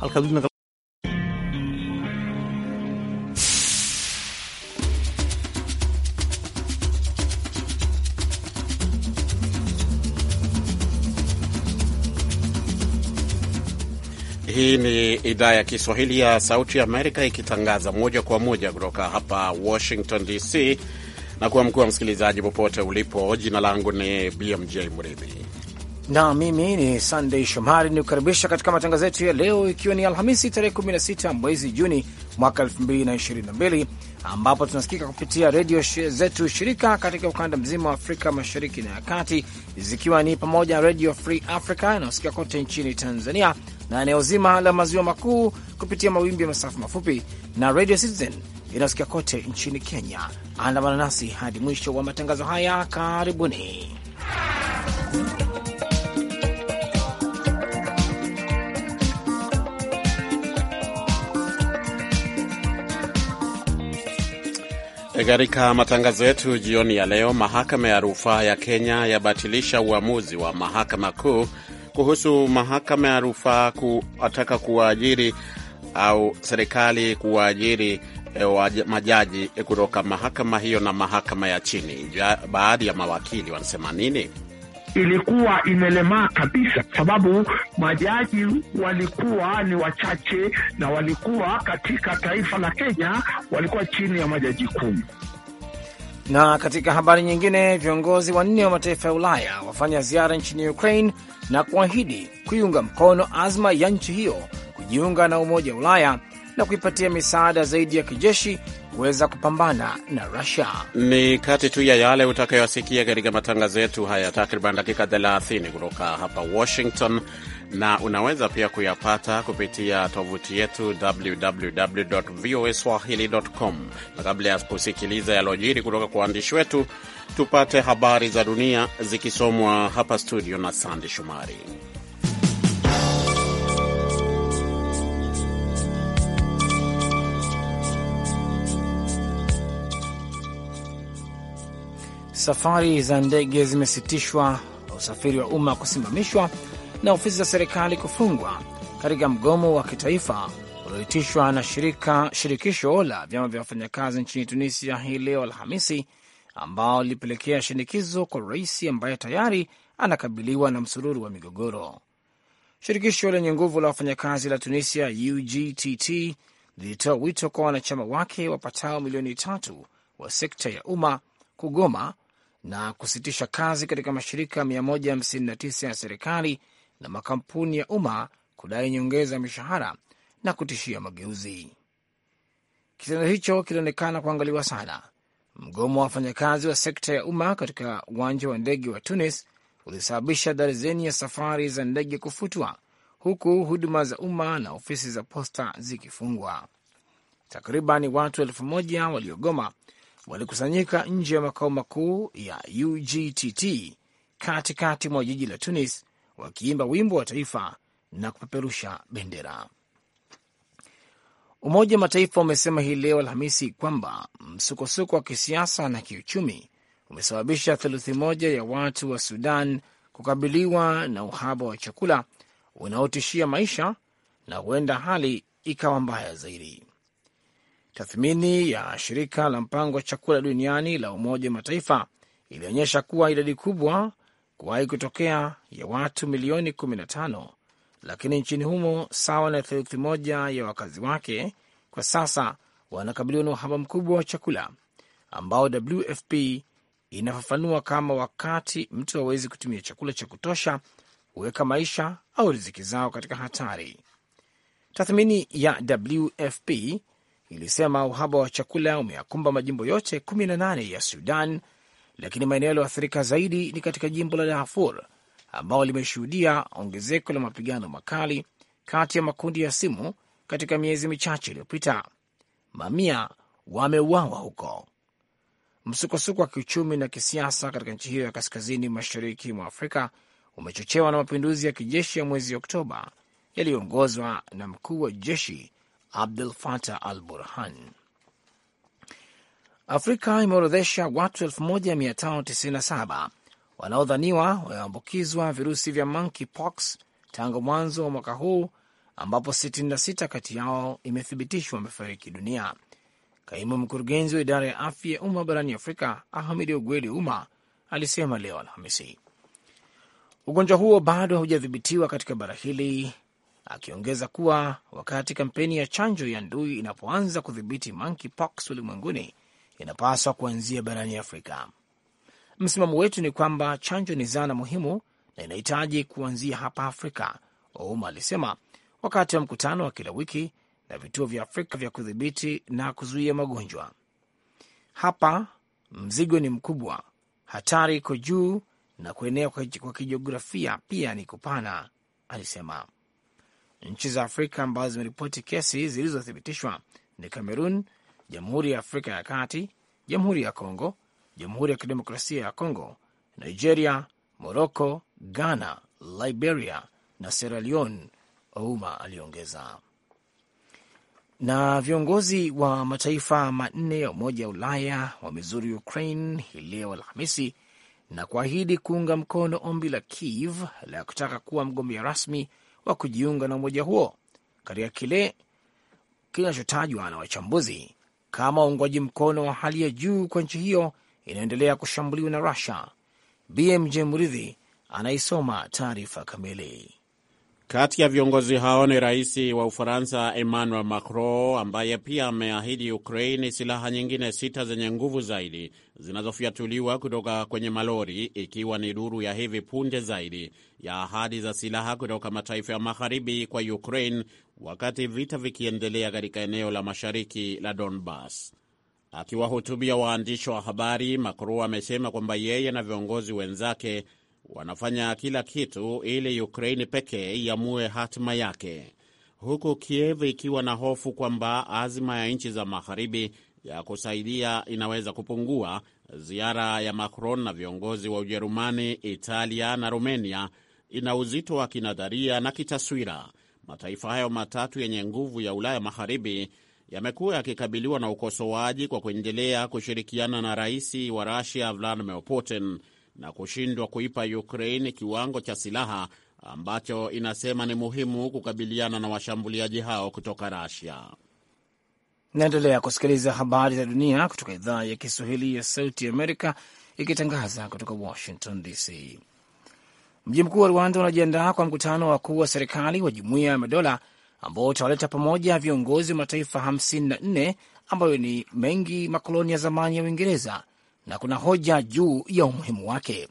Hii ni idhaa ya Kiswahili ya Sauti ya Amerika ikitangaza moja kwa moja kutoka hapa Washington DC. Na kuwa mkuu wa msikilizaji popote ulipo, jina langu ni BMJ Mridhi na mimi ni sandey Shomari ni kukaribisha katika matangazo yetu ya leo, ikiwa ni Alhamisi tarehe 16 mwezi Juni mwaka 2022 ambapo tunasikika kupitia redio zetu shirika katika ukanda mzima wa Afrika mashariki na ya kati, zikiwa ni pamoja na Redio Free Africa inayosikika kote nchini Tanzania na eneo zima la maziwa makuu kupitia mawimbi ya masafa mafupi na Radio Citizen inayosikika kote nchini Kenya. Andamana nasi hadi mwisho wa matangazo haya, karibuni. Katika matangazo yetu jioni ya leo, mahakama ya rufaa ya Kenya yabatilisha uamuzi wa mahakama kuu kuhusu mahakama ya rufaa kuataka kuwaajiri au serikali kuwaajiri e, majaji kutoka mahakama hiyo na mahakama ya chini. Baadhi ya mawakili wanasema nini? ilikuwa imelemaa kabisa, sababu majaji walikuwa ni wachache na walikuwa katika taifa la Kenya walikuwa chini ya majaji kumi. Na katika habari nyingine, viongozi wanne wa mataifa ya Ulaya wafanya ziara nchini Ukraine na kuahidi kuiunga mkono azma ya nchi hiyo kujiunga na Umoja wa Ulaya na kuipatia misaada zaidi ya kijeshi kuweza kupambana na Rusia. Ni kati tu ya yale utakayosikia katika matangazo yetu haya takriban dakika 30 kutoka hapa Washington, na unaweza pia kuyapata kupitia tovuti yetu www voa swahili.com. Na kabla ya kusikiliza yalojiri kutoka kwa waandishi wetu, tupate habari za dunia zikisomwa hapa studio na Sandi Shumari. safari za ndege zimesitishwa, usafiri wa umma kusimamishwa na ofisi za serikali kufungwa katika mgomo wa kitaifa ulioitishwa na shirika shirikisho la vyama vya wafanyakazi nchini Tunisia hii leo Alhamisi, ambao lilipelekea shinikizo kwa rais ambaye tayari anakabiliwa na msururu wa migogoro. Shirikisho lenye nguvu la wafanyakazi la Tunisia, UGTT, lilitoa wito kwa wanachama wake wapatao milioni tatu wa sekta ya umma kugoma na kusitisha kazi katika mashirika 159 ya serikali na makampuni ya umma kudai nyongeza ya mishahara na kutishia mageuzi. Kitendo hicho kilionekana kuangaliwa sana. Mgomo wa wafanyakazi wa sekta ya umma katika uwanja wa ndege wa Tunis ulisababisha darzeni ya safari za ndege kufutwa huku huduma za umma na ofisi za posta zikifungwa. Takriban watu elfu moja waliogoma walikusanyika nje ya makao makuu ya UGTT katikati mwa jiji la Tunis wakiimba wimbo wa taifa na kupeperusha bendera. Umoja wa Mataifa umesema hii leo Alhamisi kwamba msukosuko wa kisiasa na kiuchumi umesababisha theluthi moja ya watu wa Sudan kukabiliwa na uhaba wa chakula unaotishia maisha na huenda hali ikawa mbaya zaidi. Tathmini ya shirika la mpango wa chakula duniani la Umoja wa Mataifa ilionyesha kuwa idadi kubwa kuwahi kutokea ya watu milioni 15 lakini nchini humo sawa na theluthi moja ya wakazi wake kwa sasa wanakabiliwa na uhaba mkubwa wa chakula ambao WFP inafafanua kama wakati mtu hawezi kutumia chakula cha kutosha huweka maisha au riziki zao katika hatari. Tathmini ya WFP ilisema uhaba wa chakula umeyakumba majimbo yote 18 ya Sudan, lakini maeneo yaliyoathirika zaidi ni katika jimbo la Darfur ambao limeshuhudia ongezeko la mapigano makali kati ya makundi ya simu katika miezi michache iliyopita. Mamia wameuawa huko. Msukosuko wa kiuchumi na kisiasa katika nchi hiyo ya kaskazini mashariki mwa Afrika umechochewa na mapinduzi ya kijeshi ya mwezi Oktoba yaliyoongozwa na mkuu wa jeshi Abdul Fatah al Burhan. Afrika imeorodhesha watu 1597 wanaodhaniwa wameambukizwa virusi vya monkeypox tangu mwanzo wa mwaka huu ambapo 66 kati yao imethibitishwa wamefariki dunia. Kaimu mkurugenzi wa idara ya afya ya umma barani Afrika Ahmed Ogweli Uma alisema leo Alhamisi ugonjwa huo bado haujadhibitiwa katika bara hili akiongeza kuwa wakati kampeni ya chanjo ya ndui inapoanza kudhibiti monkeypox ulimwenguni inapaswa kuanzia barani Afrika. Msimamo wetu ni kwamba chanjo ni zana muhimu na inahitaji kuanzia hapa Afrika, Ouma alisema wakati wa mkutano wa kila wiki na vituo vya Afrika vya kudhibiti na kuzuia magonjwa. Hapa mzigo ni mkubwa, hatari iko juu, na kuenea kwa kijiografia pia ni kupana, alisema. Nchi za Afrika ambazo zimeripoti kesi zilizothibitishwa ni cameron Jamhuri ya Afrika ya Kati, Jamhuri ya Kongo, Jamhuri ya Kidemokrasia ya Kongo, Nigeria, moroco Ghana, Liberia na Sierra Leone, Ouma aliongeza. Na viongozi wa mataifa manne ya Umoja wa Ulaya wamezuru Ukraine hii leo Alhamisi na kuahidi kuunga mkono ombi la Kiev la kutaka kuwa mgombea rasmi wa kujiunga na umoja huo katika kile kinachotajwa na wachambuzi kama uungwaji mkono wa hali ya juu kwa nchi hiyo inayoendelea kushambuliwa na Rusia. BMJ Mridhi anaisoma taarifa kamili. Kati ya viongozi hao ni rais wa Ufaransa Emmanuel Macron ambaye pia ameahidi Ukraini silaha nyingine sita zenye nguvu zaidi zinazofyatuliwa kutoka kwenye malori, ikiwa ni duru ya hivi punde zaidi ya ahadi za silaha kutoka mataifa ya magharibi kwa Ukraine wakati vita vikiendelea katika eneo la mashariki la Donbas. Akiwahutubia waandishi wa habari, Macron amesema kwamba yeye na viongozi wenzake wanafanya kila kitu ili Ukraini pekee iamue hatima yake, huku Kiev ikiwa na hofu kwamba azima ya nchi za magharibi ya kusaidia inaweza kupungua. Ziara ya Macron na viongozi wa Ujerumani, Italia na Rumenia ina uzito wa kinadharia na kitaswira. Mataifa hayo matatu yenye nguvu ya Ulaya Magharibi yamekuwa yakikabiliwa na ukosoaji kwa kuendelea kushirikiana na rais wa Rusia Vladimir Putin na kushindwa kuipa Ukraine kiwango cha silaha ambacho inasema ni muhimu kukabiliana na washambuliaji hao kutoka Rasia. Naendelea kusikiliza habari za dunia kutoka idhaa ya Kiswahili ya Sauti Amerika ikitangaza kutoka Washington DC. Mji mkuu wa Rwanda unajiandaa kwa mkutano wa wakuu wa serikali wa Jumuiya ya Madola ambao utawaleta pamoja viongozi wa mataifa 54 ambayo ni mengi makoloni ya zamani ya Uingereza na kuna hoja juu ya umuhimu wake.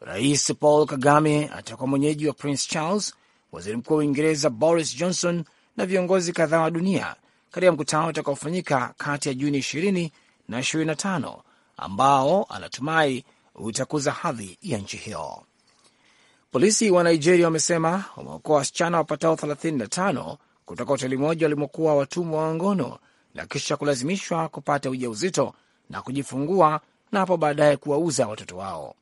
Rais Paul Kagame atakuwa mwenyeji wa Prince Charles, waziri mkuu wa Uingereza Boris Johnson na viongozi kadhaa wa dunia katika mkutano utakaofanyika kati ya Juni 20 na 25 ambao anatumai utakuza hadhi ya nchi hiyo. Polisi wa Nigeria wamesema wameokoa wasichana wapatao 35 kutoka hoteli moja walimokuwa watumwa wa ngono na kisha kulazimishwa kupata ujauzito na kujifungua na hapo baadaye kuwauza watoto wao.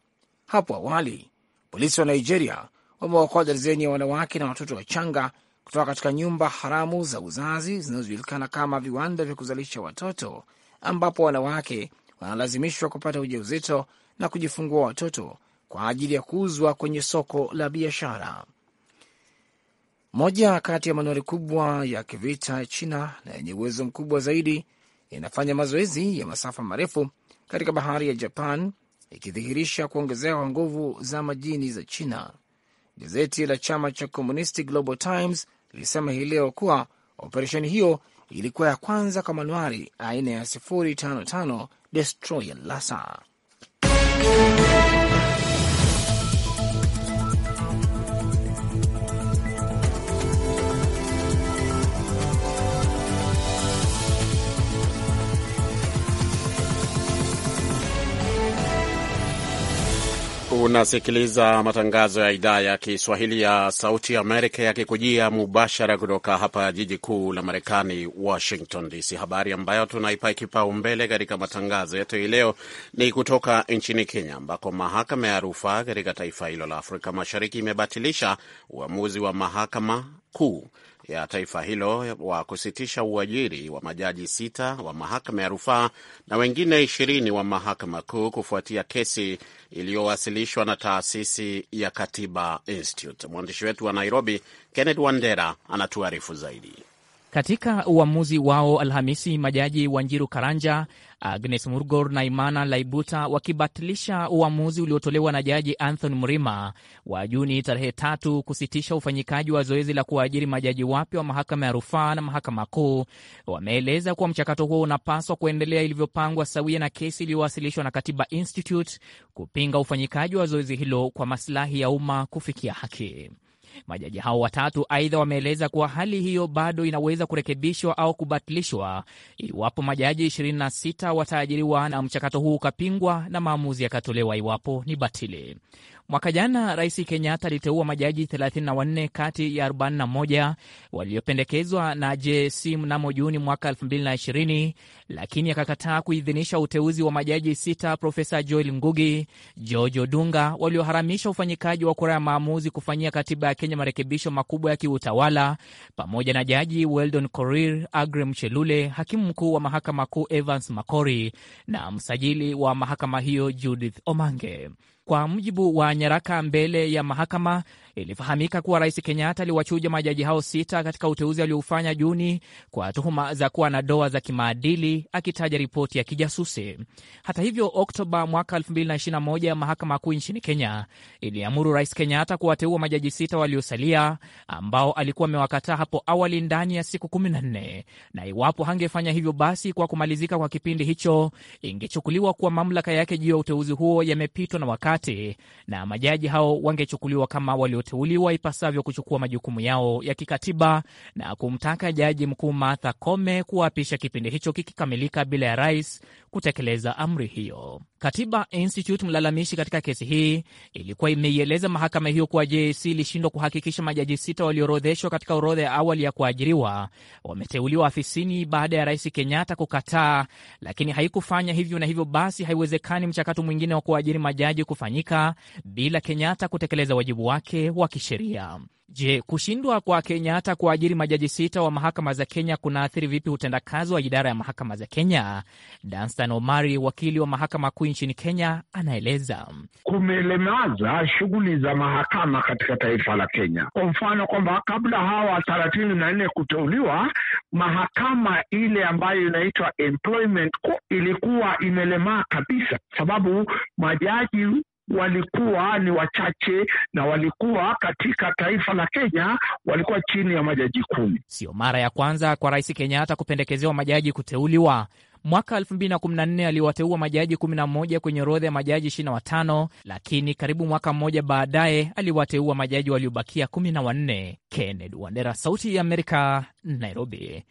Hapo awali polisi wa Nigeria wameokoa darzeni ya wanawake na watoto wachanga kutoka katika nyumba haramu za uzazi zinazojulikana kama viwanda vya kuzalisha watoto, ambapo wanawake wanalazimishwa kupata ujauzito na kujifungua watoto kwa ajili ya kuuzwa kwenye soko la biashara. Moja kati ya manuari kubwa ya kivita China na yenye uwezo mkubwa zaidi inafanya mazoezi ya masafa marefu katika bahari ya Japan, ikidhihirisha kuongezeka kwa nguvu za majini za China. Gazeti la chama cha komunisti Global Times lilisema hii leo kuwa operesheni hiyo ilikuwa ya kwanza kwa manuari aina ya 055 destroyer Lhasa. Unasikiliza matangazo ya idhaa ya Kiswahili ya Sauti Amerika yakikujia mubashara kutoka hapa jiji kuu la Marekani, Washington DC. Habari ambayo tunaipa kipaumbele katika matangazo yetu hii leo ni kutoka nchini Kenya, ambako mahakama ya rufaa katika taifa hilo la Afrika Mashariki imebatilisha uamuzi wa mahakama kuu ya taifa hilo wa kusitisha uajiri wa majaji sita wa mahakama ya rufaa na wengine ishirini wa mahakama kuu kufuatia kesi iliyowasilishwa na taasisi ya Katiba Institute. Mwandishi wetu wa Nairobi, Kenneth Wandera, anatuarifu zaidi. Katika uamuzi wao Alhamisi, majaji Wanjiru Karanja, Agnes Murgor na Imana Laibuta wakibatilisha uamuzi uliotolewa na jaji Anthony Mrima wa Juni tarehe tatu kusitisha ufanyikaji wa zoezi la kuwaajiri majaji wapya wa mahakama ya rufaa na mahakama kuu, wameeleza kuwa mchakato huo unapaswa kuendelea ilivyopangwa, sawia na kesi iliyowasilishwa na Katiba Institute kupinga ufanyikaji wa zoezi hilo kwa masilahi ya umma kufikia haki. Majaji hao watatu aidha wameeleza kuwa hali hiyo bado inaweza kurekebishwa au kubatilishwa iwapo majaji 26 wataajiriwa na mchakato huu ukapingwa na maamuzi yakatolewa iwapo ni batili. Mwaka jana Rais Kenyatta aliteua majaji 34 kati ya 41 waliopendekezwa na jc mnamo Juni mwaka 2020, lakini akakataa kuidhinisha uteuzi wa majaji sita Profesa Joel Ngugi, George Odunga, walioharamisha ufanyikaji wa kura ya maamuzi kufanyia katiba ya Kenya marekebisho makubwa ya kiutawala, pamoja na Jaji Weldon Korir, agre Mchelule, hakimu mkuu wa mahakama kuu Evans Makori na msajili wa mahakama hiyo Judith Omange. Kwa mujibu wa nyaraka mbele ya mahakama, Ilifahamika kuwa Rais Kenyatta aliwachuja majaji hao sita katika uteuzi aliofanya Juni kwa tuhuma za kuwa na doa za kimaadili, akitaja ripoti ya kijasusi. Hata hivyo, Oktoba mwaka 2021 mahakama kuu nchini Kenya iliamuru Rais Kenyatta kuwateua majaji sita waliosalia ambao alikuwa amewakataa hapo awali ndani ya siku 14 na iwapo hangefanya hivyo, basi kwa kumalizika kwa kipindi hicho ingechukuliwa kuwa mamlaka yake juu ya uteuzi huo yamepitwa na wakati na majaji hao wangechukuliwa kama walio walioteuliwa ipasavyo kuchukua majukumu yao ya kikatiba na kumtaka Jaji Mkuu Martha Koome kuwaapisha kipindi hicho kikikamilika bila ya rais kutekeleza amri hiyo. Katiba Institute, mlalamishi katika kesi hii, ilikuwa imeieleza mahakama hiyo kuwa JSC ilishindwa kuhakikisha majaji sita walioorodheshwa katika orodha ya awali ya kuajiriwa wameteuliwa afisini baada ya Rais Kenyatta kukataa, lakini haikufanya hivyo, na hivyo basi haiwezekani mchakato mwingine wa kuajiri majaji kufanyika bila Kenyatta kutekeleza wajibu wake wa kisheria. Je, kushindwa kwa Kenyatta kuajiri majaji sita wa mahakama za Kenya kunaathiri vipi utendakazi wa idara ya mahakama za Kenya? Danstan Omari, wakili wa mahakama kuu nchini Kenya, anaeleza. Kumelemaza shughuli za mahakama katika taifa la Kenya. Kwa mfano kwamba kabla hawa thelathini na nne kuteuliwa, mahakama ile ambayo inaitwa employment ilikuwa imelemaa kabisa, sababu majaji walikuwa ni wachache na walikuwa katika taifa la Kenya walikuwa chini ya majaji kumi. Sio mara ya kwanza kwa Rais Kenyatta kupendekezewa majaji kuteuliwa. Mwaka 2014 aliwateua majaji 11 kwenye orodha ya majaji 25, lakini karibu mwaka mmoja baadaye aliwateua majaji waliobakia 14. Kennedy Wandera, Sauti ya Amerika, Nairobi.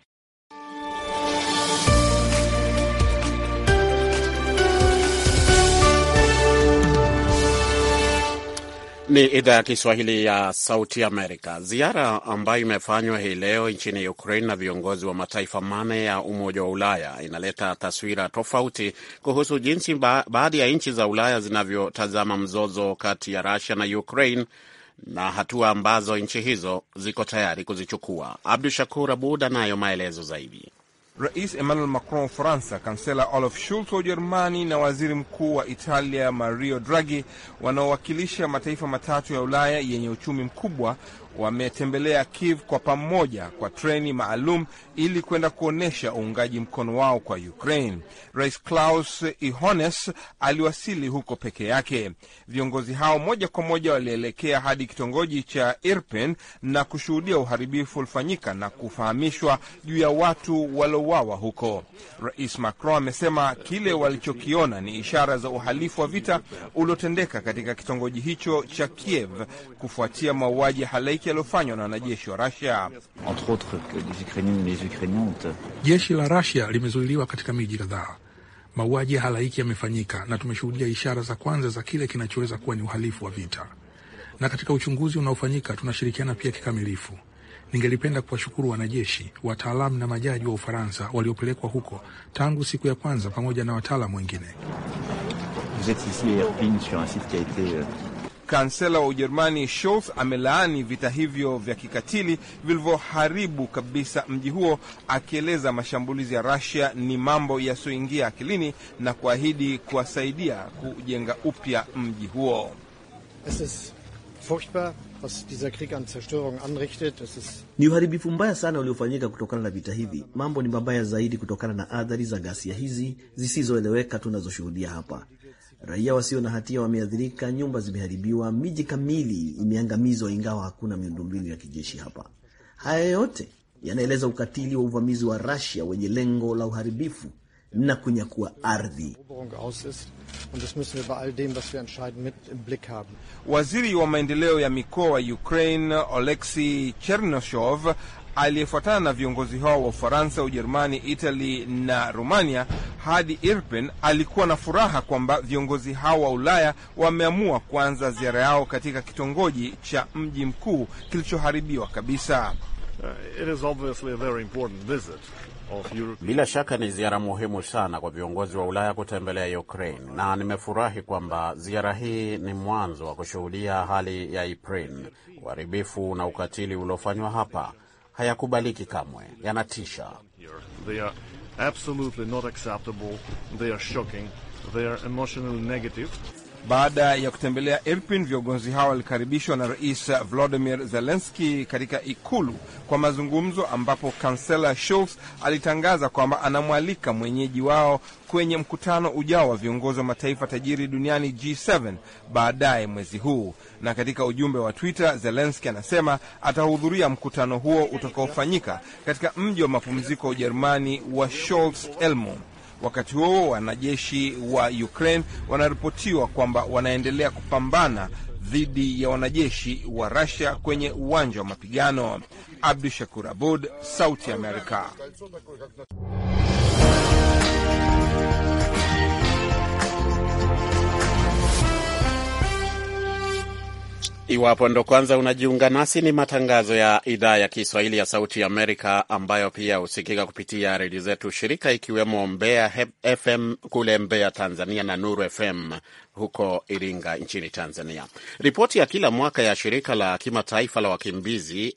Ni idhaa ya Kiswahili ya Sauti Amerika. Ziara ambayo imefanywa hii leo nchini Ukraine na viongozi wa mataifa mane ya Umoja wa Ulaya inaleta taswira tofauti kuhusu jinsi ba baadhi ya nchi za Ulaya zinavyotazama mzozo kati ya Rusia na Ukraine na hatua ambazo nchi hizo ziko tayari kuzichukua. Abdu Shakur Abud anayo maelezo zaidi. Rais Emmanuel Macron wa Ufaransa, kansela Olaf Scholz wa Ujerumani na waziri mkuu wa Italia Mario Draghi wanaowakilisha mataifa matatu ya Ulaya yenye uchumi mkubwa wametembelea Kiev kwa pamoja kwa treni maalum ili kwenda kuonyesha uungaji mkono wao kwa Ukraine. Rais Klaus Ihones aliwasili huko peke yake. Viongozi hao moja kwa moja walielekea hadi kitongoji cha Irpin na kushuhudia uharibifu ulifanyika na kufahamishwa juu ya watu waliowawa huko. Rais Macron amesema kile walichokiona ni ishara za uhalifu wa vita uliotendeka katika kitongoji hicho cha Kiev kufuatia mauaji halaiki mashariki yaliyofanywa na wanajeshi wa Rasia. Jeshi la Rasia limezuiliwa katika miji kadhaa. Mauaji ya halaiki yamefanyika na tumeshuhudia ishara za kwanza za kile kinachoweza kuwa ni uhalifu wa vita, na katika uchunguzi unaofanyika tunashirikiana pia kikamilifu. Ningelipenda kuwashukuru wanajeshi, wataalamu na majaji wa Ufaransa waliopelekwa huko tangu siku ya kwanza, pamoja na wataalamu wengine. Kansela wa Ujerumani Scholz amelaani vita hivyo vya kikatili vilivyoharibu kabisa mji huo, akieleza mashambulizi ya Russia ni mambo yasiyoingia akilini na kuahidi kuwasaidia kujenga upya mji huo. Ni uharibifu mbaya sana uliofanyika kutokana na vita hivi. Mambo ni mabaya zaidi kutokana na athari za ghasia hizi zisizoeleweka tunazoshuhudia hapa. Raia wasio na hatia wameathirika, nyumba zimeharibiwa, miji kamili imeangamizwa, ingawa hakuna miundombinu ya kijeshi hapa. Haya yote yanaeleza ukatili wa uvamizi wa rasia wenye lengo la uharibifu na kunyakua ardhi. Waziri wa maendeleo ya mikoa wa Ukraine Oleksi Chernoshov aliyefuatana na viongozi hao wa Ufaransa, Ujerumani, Itali na Rumania hadi Irpin alikuwa na furaha kwamba viongozi hao wa Ulaya wameamua kuanza ziara yao katika kitongoji cha mji mkuu kilichoharibiwa kabisa. Uh, it is obviously a very important visit. Bila shaka ni ziara muhimu sana kwa viongozi wa Ulaya kutembelea Ukraine, na nimefurahi kwamba ziara hii ni mwanzo wa kushuhudia hali ya Ukraine, uharibifu na ukatili uliofanywa hapa hayakubaliki kamwe, yanatisha. Baada ya kutembelea Irpin, viongozi hao walikaribishwa na Rais Volodymyr zelenski katika ikulu kwa mazungumzo, ambapo kansela Scholz alitangaza kwamba anamwalika mwenyeji wao kwenye mkutano ujao wa viongozi wa mataifa tajiri duniani G7 baadaye mwezi huu. Na katika ujumbe wa Twitter, zelenski anasema atahudhuria mkutano huo utakaofanyika katika mji wa mapumziko wa Ujerumani wa Scholz elmon Wakati huo wanajeshi wa Ukraine wanaripotiwa kwamba wanaendelea kupambana dhidi ya wanajeshi wa Russia kwenye uwanja wa mapigano. Abdu Shakur Abud, Sauti ya Amerika. Iwapo ndo kwanza unajiunga nasi, ni matangazo ya idhaa ya Kiswahili ya Sauti ya Amerika ambayo pia husikika kupitia redio zetu shirika, ikiwemo Mbeya FM kule Mbeya, Tanzania, na Nuru FM huko Iringa nchini Tanzania. Ripoti ya kila mwaka ya shirika la kimataifa la wakimbizi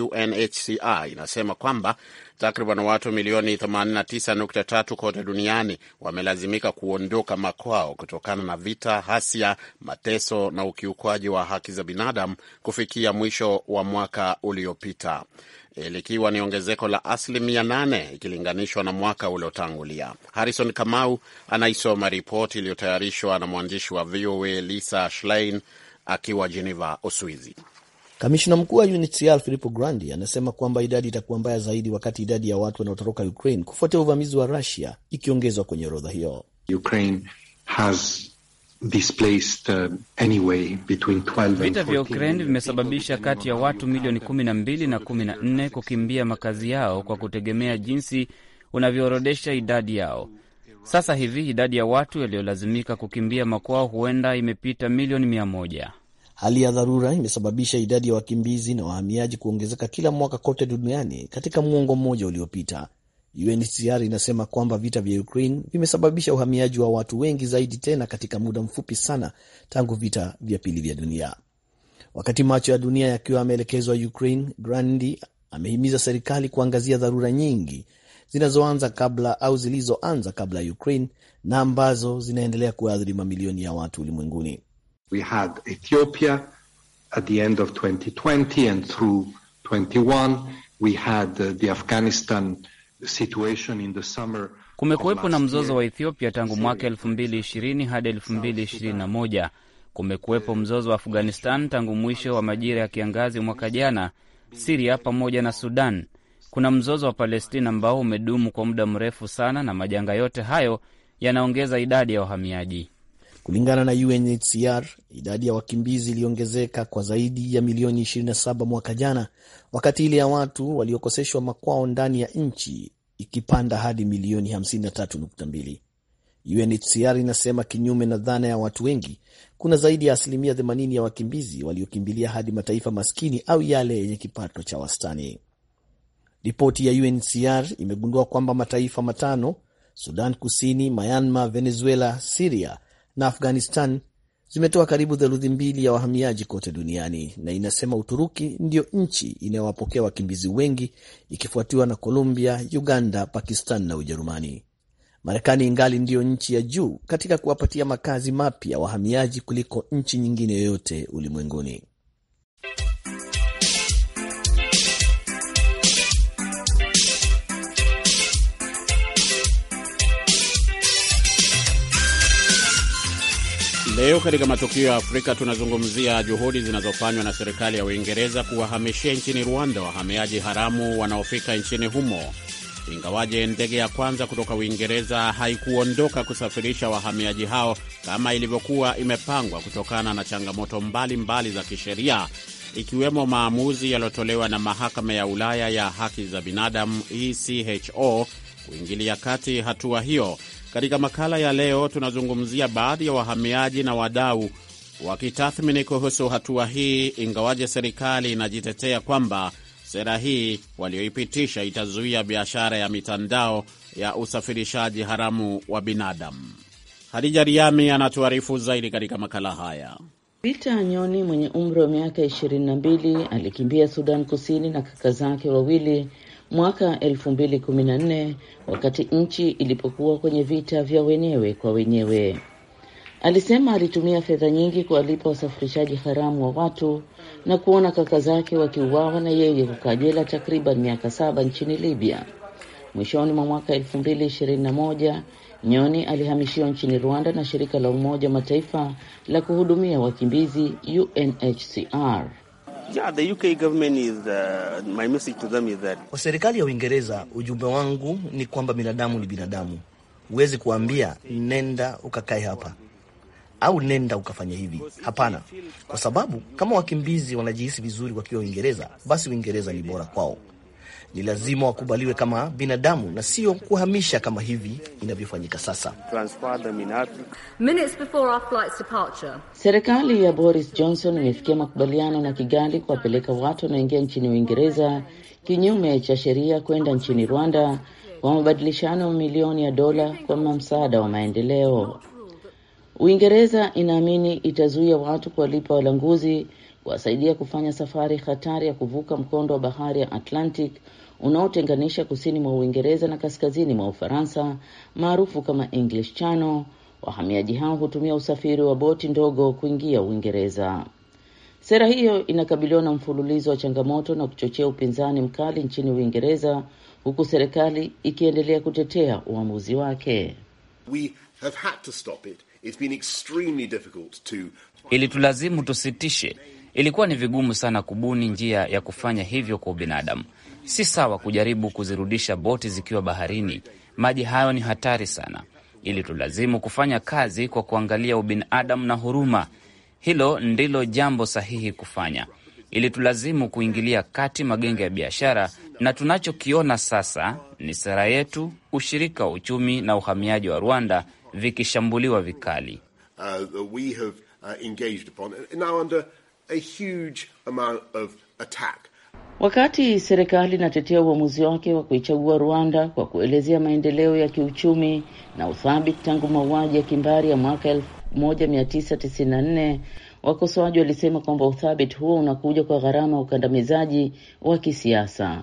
UNHCR inasema kwamba Takriban watu milioni 89.3 kote duniani wamelazimika kuondoka makwao kutokana na vita, hasia, mateso na ukiukwaji wa haki za binadamu kufikia mwisho wa mwaka uliopita likiwa ni ongezeko la asilimia 8 ikilinganishwa na mwaka uliotangulia. Harrison Kamau anaisoma ripoti iliyotayarishwa na mwandishi wa VOA Lisa Schlein akiwa Geneva, Uswizi. Kamishna mkuu wa UNHCR Filippo Grandi anasema kwamba idadi itakuwa mbaya zaidi wakati idadi ya watu wanaotoroka Ukraine kufuatia uvamizi wa rasia ikiongezwa kwenye orodha hiyo. Ukraine has displaced uh, anyway between 12 vita vya Ukraine vimesababisha kati ya watu milioni 12 na 14 kukimbia makazi yao kwa kutegemea jinsi unavyoorodesha idadi yao. Sasa hivi idadi ya watu yaliyolazimika kukimbia makwao huenda imepita milioni mia moja. Hali ya dharura imesababisha idadi ya wakimbizi na wahamiaji kuongezeka kila mwaka kote duniani katika mwongo mmoja uliopita. UNHCR inasema kwamba vita vya Ukraine vimesababisha uhamiaji wa watu wengi zaidi tena katika muda mfupi sana tangu vita vya pili vya dunia. Wakati macho ya dunia yakiwa yameelekezwa Ukraine, Grandi amehimiza serikali kuangazia dharura nyingi zinazoanza kabla au zilizoanza kabla ya Ukraine na ambazo zinaendelea kuathiri mamilioni ya watu ulimwenguni. We had Ethiopia at the end of 2020 and through 21. We had uh, the Afghanistan situation in the summer. Kumekuwepo na mzozo wa Ethiopia tangu mwaka 2020 hadi 2021. Kumekuwepo mzozo wa Afghanistan tangu mwisho wa majira ya kiangazi mwaka jana, Siria pamoja na Sudan. Kuna mzozo wa Palestina ambao umedumu kwa muda mrefu sana, na majanga yote hayo yanaongeza idadi ya wahamiaji. Kulingana na UNHCR, idadi ya wakimbizi iliongezeka kwa zaidi ya milioni 27 mwaka jana, wakati ile ya watu waliokoseshwa makwao ndani ya nchi ikipanda hadi milioni 53.2. UNHCR inasema kinyume na dhana ya watu wengi, kuna zaidi ya asilimia 80 ya wakimbizi waliokimbilia hadi mataifa maskini au yale yenye kipato cha wastani. Ripoti ya UNHCR imegundua kwamba mataifa matano Sudan Kusini, Myanmar, Venezuela, Siria na Afghanistan zimetoa karibu theluthi mbili ya wahamiaji kote duniani na inasema Uturuki ndiyo nchi inayowapokea wakimbizi wengi ikifuatiwa na Colombia, Uganda, Pakistan na Ujerumani. Marekani ingali ndiyo nchi ya juu katika kuwapatia makazi mapya wahamiaji kuliko nchi nyingine yoyote ulimwenguni. Leo katika matukio ya Afrika tunazungumzia juhudi zinazofanywa na serikali ya Uingereza kuwahamishia nchini Rwanda wahamiaji haramu wanaofika nchini humo. Ingawaje ndege ya kwanza kutoka Uingereza haikuondoka kusafirisha wahamiaji hao kama ilivyokuwa imepangwa kutokana na changamoto mbalimbali mbali za kisheria, ikiwemo maamuzi yaliyotolewa na mahakama ya Ulaya ya haki za binadamu ECHO kuingilia kati hatua hiyo katika makala ya leo, tunazungumzia baadhi ya wahamiaji na wadau wakitathmini kuhusu hatua hii, ingawaje serikali inajitetea kwamba sera hii walioipitisha itazuia biashara ya mitandao ya usafirishaji haramu wa binadamu. Hadija Riami anatuarifu zaidi katika makala haya. Peter Nyoni mwenye umri wa miaka 22 alikimbia Sudan Kusini na kaka zake wawili mwaka 2014 wakati nchi ilipokuwa kwenye vita vya wenyewe kwa wenyewe. Alisema alitumia fedha nyingi kuwalipa wasafirishaji haramu wa watu na kuona kaka zake wakiuawa na yeye kukaa jela takriban miaka saba nchini Libya. Mwishoni mwa mwaka 2021 Nyoni alihamishiwa nchini Rwanda na shirika la Umoja Mataifa la kuhudumia wakimbizi UNHCR. Uh, kwa serikali ya Uingereza, ujumbe wangu ni kwamba binadamu ni binadamu. Huwezi kuambia nenda ukakae hapa au nenda ukafanya hivi. Hapana, kwa sababu kama wakimbizi wanajihisi vizuri wakiwa Uingereza, basi Uingereza ni bora kwao ni lazima wakubaliwe kama binadamu na sio kuhamisha kama hivi inavyofanyika sasa. Serikali ya Boris Johnson imefikia makubaliano na Kigali kuwapeleka watu wanaoingia nchini Uingereza kinyume cha sheria kwenda nchini Rwanda kwa mabadilishano milioni ya dola kama msaada wa maendeleo. Uingereza inaamini itazuia watu kuwalipa walanguzi kuwasaidia kufanya safari hatari ya kuvuka mkondo wa bahari ya Atlantic unaotenganisha kusini mwa Uingereza na kaskazini mwa Ufaransa maarufu kama English Channel. Wahamiaji hao hutumia usafiri wa boti ndogo kuingia Uingereza. Sera hiyo inakabiliwa na mfululizo wa changamoto na kuchochea upinzani mkali nchini Uingereza, huku serikali ikiendelea kutetea uamuzi wake. We have had to stop it. It's been extremely difficult to... Ilitulazimu tusitishe. Ilikuwa ni vigumu sana kubuni njia ya kufanya hivyo kwa ubinadamu. Si sawa kujaribu kuzirudisha boti zikiwa baharini. Maji hayo ni hatari sana, ili tulazimu kufanya kazi kwa kuangalia ubinadamu na huruma. Hilo ndilo jambo sahihi kufanya, ili tulazimu kuingilia kati magenge ya biashara, na tunachokiona sasa ni sera yetu, ushirika wa uchumi na uhamiaji wa Rwanda vikishambuliwa vikali. Uh, we have, uh, Wakati serikali inatetea uamuzi wake wa kuichagua Rwanda kwa kuelezea maendeleo ya kiuchumi na uthabiti tangu mauaji ya kimbari ya mwaka 1994, wakosoaji walisema kwamba uthabiti huo unakuja kwa gharama ya ukandamizaji wa kisiasa.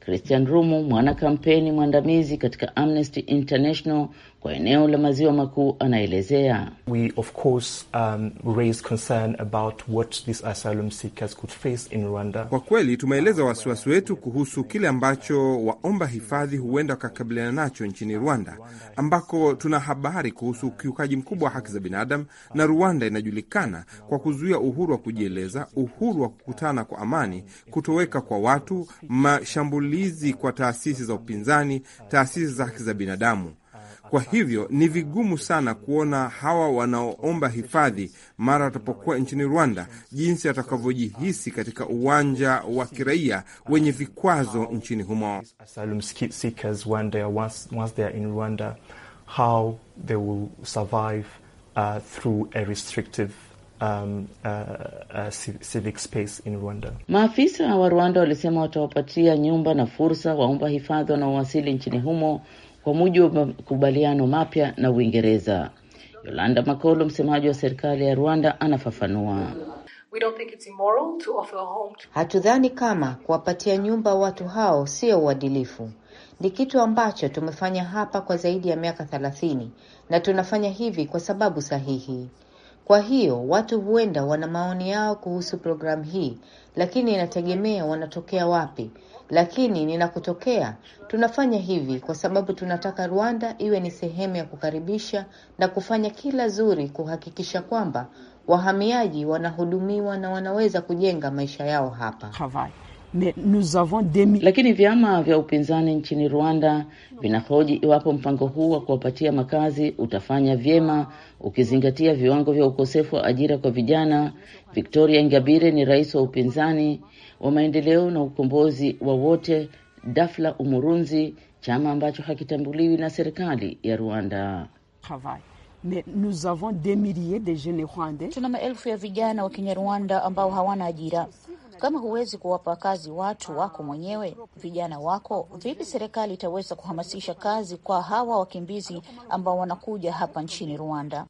Christian Rumu, mwana kampeni mwandamizi katika Amnesty International kwa eneo la maziwa makuu anaelezea. We of course, um, raise concern about what these asylum seekers could face in Rwanda. Kwa kweli tumeeleza wasiwasi wetu kuhusu kile ambacho waomba hifadhi huenda wakakabiliana nacho nchini Rwanda, ambako tuna habari kuhusu ukiukaji mkubwa wa haki za binadamu, na Rwanda inajulikana kwa kuzuia uhuru wa kujieleza, uhuru wa kukutana kwa amani, kutoweka kwa watu, mashambulizi kwa taasisi za upinzani, taasisi za haki za binadamu. Kwa hivyo ni vigumu sana kuona hawa wanaoomba hifadhi mara watapokuwa nchini Rwanda, jinsi watakavyojihisi katika uwanja wa kiraia wenye vikwazo nchini humo. Maafisa wa Rwanda walisema watawapatia nyumba na fursa waomba hifadhi wanaowasili nchini humo kwa mujibu wa makubaliano mapya na Uingereza. Yolanda Makolo, msemaji wa serikali ya Rwanda, anafafanua. Hatudhani kama kuwapatia nyumba watu hao sio uadilifu. Ni kitu ambacho tumefanya hapa kwa zaidi ya miaka thelathini na tunafanya hivi kwa sababu sahihi. Kwa hiyo watu huenda wana maoni yao kuhusu programu hii, lakini inategemea wanatokea wapi lakini ninakutokea tunafanya hivi kwa sababu tunataka Rwanda iwe ni sehemu ya kukaribisha na kufanya kila zuri kuhakikisha kwamba wahamiaji wanahudumiwa na wanaweza kujenga maisha yao hapa. Mais nous avons demi... Lakini vyama vya upinzani nchini Rwanda vinahoji iwapo mpango huu wa kuwapatia makazi utafanya vyema ukizingatia viwango vya ukosefu wa ajira kwa vijana. Victoria Ngabire ni rais wa upinzani wa maendeleo na ukombozi wa wote Dafla Umurunzi, chama ambacho hakitambuliwi na serikali ya Rwanda. Mais nous avons des milliers de jeunes rwandais. Tuna maelfu ya vijana wa Kinyarwanda ambao hawana ajira. Kama huwezi kuwapa kazi watu wako mwenyewe, vijana wako, vipi serikali itaweza kuhamasisha kazi kwa hawa wakimbizi ambao wanakuja hapa nchini Rwanda?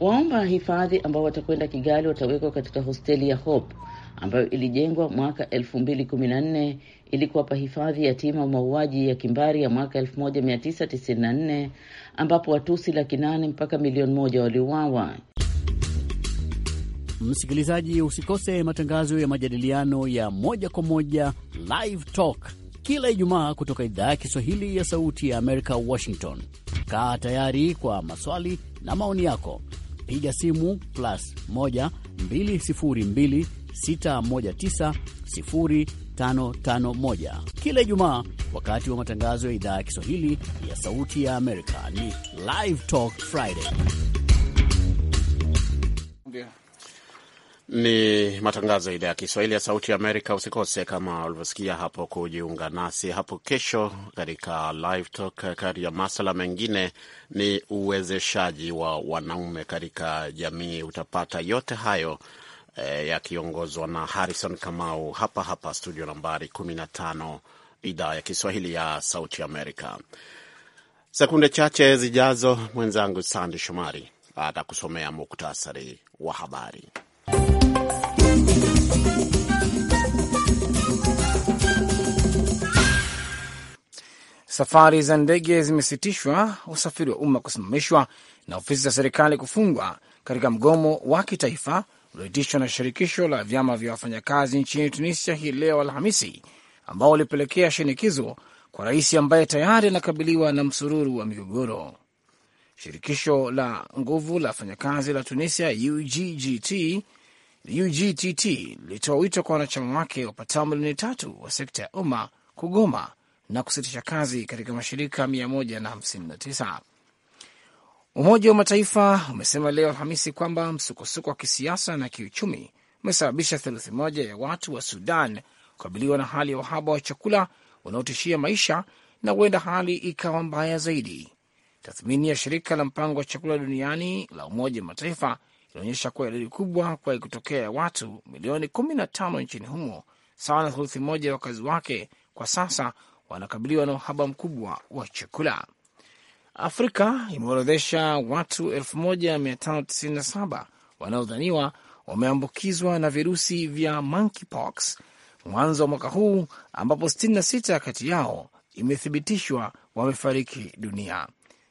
Waomba hifadhi ambao watakwenda Kigali watawekwa katika hosteli ya Hope ambayo ilijengwa mwaka 2014 ili kuwapa hifadhi yatima wa mauaji ya kimbari ya mwaka 1994 ambapo Watusi laki nane mpaka milioni moja waliuawa. Msikilizaji, usikose matangazo ya majadiliano ya moja kwa moja Live Talk kila Ijumaa kutoka idhaa ya Kiswahili ya Sauti ya Amerika, Washington. Kaa tayari kwa maswali na maoni yako, piga simu plus 1 202 619 15551 kila Ijumaa wakati wa matangazo ya idhaa ya Kiswahili ya Sauti ya Amerika. Ni Live Talk Friday. Ni matangazo ya idhaa ya Kiswahili ya Sauti ya Amerika. Usikose kama ulivyosikia hapo, kujiunga nasi hapo kesho katika Live Talk. Kati ya masala mengine ni uwezeshaji wa wanaume katika jamii. Utapata yote hayo Eh, yakiongozwa na Harrison Kamau hapa hapa studio nambari 15 idhaa ya Kiswahili ya Sauti Amerika. Sekunde chache zijazo, mwenzangu Sandi Shomari atakusomea muktasari wa habari. Safari za ndege zimesitishwa, usafiri wa umma kusimamishwa na ofisi za serikali kufungwa katika mgomo wa kitaifa ulioitishwa na shirikisho la vyama vya wafanyakazi nchini Tunisia hii leo Alhamisi, ambao ulipelekea shinikizo kwa rais ambaye tayari anakabiliwa na msururu wa migogoro. Shirikisho la nguvu la wafanyakazi la Tunisia UGGT UGTT lilitoa wito kwa wanachama wake wapatao milioni tatu wa sekta ya umma kugoma na kusitisha kazi katika mashirika 159. Umoja wa Mataifa umesema leo Alhamisi kwamba msukosuko wa kisiasa na kiuchumi umesababisha theluthi moja ya watu wa Sudan kukabiliwa na hali ya uhaba wa chakula unaotishia maisha na huenda hali ikawa mbaya zaidi. Tathmini ya shirika la mpango wa chakula duniani la Umoja wa Mataifa inaonyesha kuwa idadi kubwa kwa kutokea ya watu milioni 15 nchini humo, sawa na theluthi moja ya wakazi wake, kwa sasa wanakabiliwa na uhaba mkubwa wa chakula. Afrika imeorodhesha watu 1597 wanaodhaniwa wameambukizwa na virusi vya monkeypox mwanzo wa mwaka huu, ambapo 66 kati yao imethibitishwa wamefariki dunia.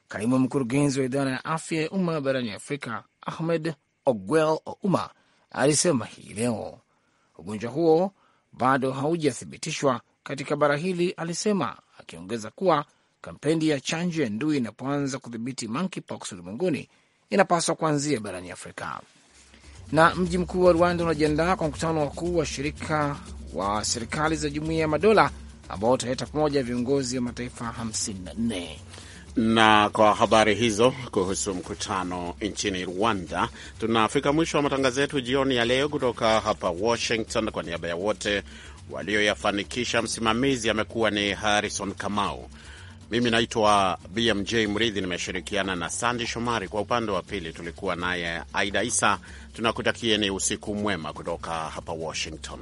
Kaimu mkurugenzi wa idara ya afya ya umma barani Afrika Ahmed Ogwel Ouma alisema hii leo ugonjwa huo bado haujathibitishwa katika bara hili, alisema akiongeza kuwa kampeni ya chanjo ya ndui inapoanza kudhibiti monkeypox ulimwenguni inapaswa kuanzia barani Afrika. Na mji mkuu wa Rwanda unajiandaa kwa mkutano wakuu wa shirika wa serikali za jumuiya ya madola ambao utaleta pamoja viongozi wa mataifa 54 na kwa habari hizo kuhusu mkutano nchini Rwanda, tunafika mwisho wa matangazo yetu jioni ya leo kutoka hapa Washington. Kwa niaba ya wote walioyafanikisha, msimamizi amekuwa ni Harrison Kamau, mimi naitwa BMJ Mridhi, nimeshirikiana na Sandi Shomari. Kwa upande wa pili tulikuwa naye Aida Isa. Tunakutakieni usiku mwema kutoka hapa Washington.